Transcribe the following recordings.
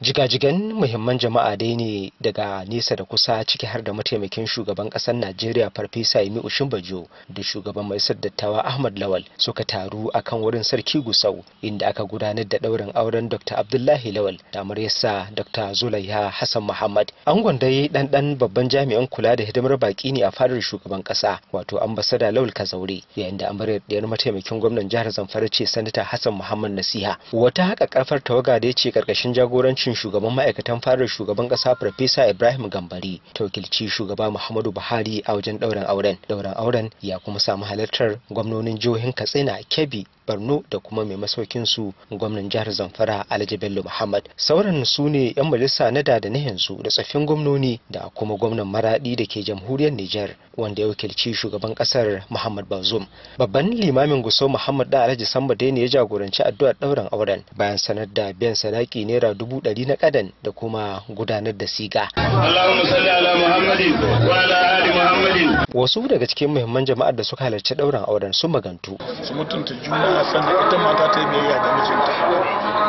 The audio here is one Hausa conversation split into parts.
jigajigan muhimman jama'a dai ne daga nesa da kusa ciki har da mataimakin shugaban ƙasar najeriya farfesa yemi ushinbajo da shugaban mai dattawa ahmad lawal suka taru a kan wurin sarki gusau inda aka gudanar da ɗaurin auren dr abdullahi lawal da amaryarsa dr zulaiha hassan muhammad angon dai ɗanɗan babban jami'an kula da hidimar baƙi ne a fadar shugaban ƙasa wato ambasada lawal kazaure yayin da amaryar ɗiyar mataimakin gwamnan jihar zamfara ce sanata hassan muhammad nasiha wata haka ƙafar tawaga da ya ce ƙarƙashin jagorancin ofishin shugaban ma'aikatan farar shugaban kasa farfesa ibrahim gambari ta wakilci shugaba muhammadu buhari a wajen dauren auren dauren auren ya kuma samu halartar gwamnonin jihohin katsina kebbi borno da kuma mai masaukin su gwamnan jihar zamfara alhaji bello muhammad sauran su ne yan majalisa na da da na yanzu da tsafin gwamnoni da kuma gwamnan maradi da ke jamhuriyar niger wanda ya wakilci shugaban kasar muhammad bazoum babban limamin gusau muhammad da alhaji samba ne ya jagoranci addu'ar ɗaurin auren bayan sanar da biyan sadaki naira dubu ɗari adadi na kadan da kuma gudanar da siga. Allahumma salli ala Muhammadin wa ala ali Muhammadin wasu daga cikin muhimman jama'ar da suka halarci ɗaurin auren sun magantu su mutunta juna sannan ita mata ta yi biyayya da mijinta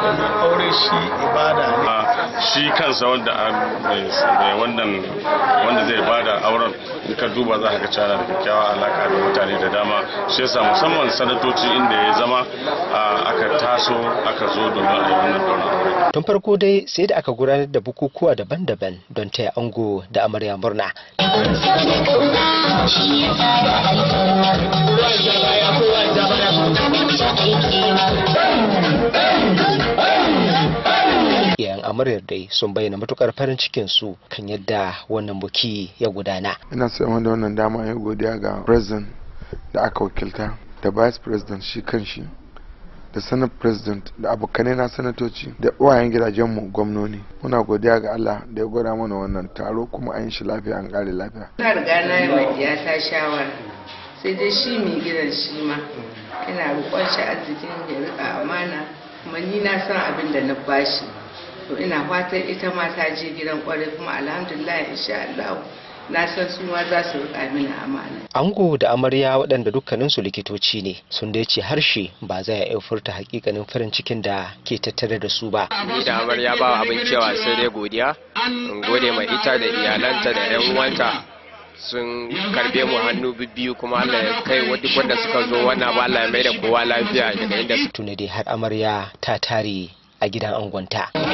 domin aure shi ibada ne shi kansa wanda ah, wannan wanda zai bada auren in ka duba za ka ga cana da kyakkyawa alaka da mutane da dama shi yasa musamman sanatoci inda ya zama ah, aka taso aka zo domin a yi wannan aure tun farko dai sai da aka gudanar da bukukuwa daban-daban don taya ango da amarya murna. shi amaryar dai sun bayyana matukar farin cikin su kan yadda wannan buki ya gudana ina so da wannan dama ya godiya ga president da aka wakilta da vice president shi kan shi da senate president da abokanai na sanatoci da wayan gidajenmu gwamnoni muna godiya ga allah da ya gwada mana wannan taro kuma an shi lafiya an kare lafiya ta riga na yi ya ta shawara sai dai shi mai gidan shi ma ina roƙon shi cikin ya riƙa amana kuma ni na san abin da na bashi to ina fatan ita ma ta je gidan kwarai kuma alhamdulillah insha allah na san su za su riƙa mini amana. Ango da amarya waɗanda dukkaninsu likitoci ne sun dai ce harshe ba za ya furta hakikanin farin cikin da ke tattare da su ba. Ni da amarya ba abin cewa sai dai godiya, in gode ma ita da iyalanta da 'yan uwanta sun karbe mu hannu biyu kuma Allah ya kai wadda wanda suka zo wannan ba Allah ya mai da kowa lafiya daga inda su. Tuna dai har amarya ta tare a gidan angonta.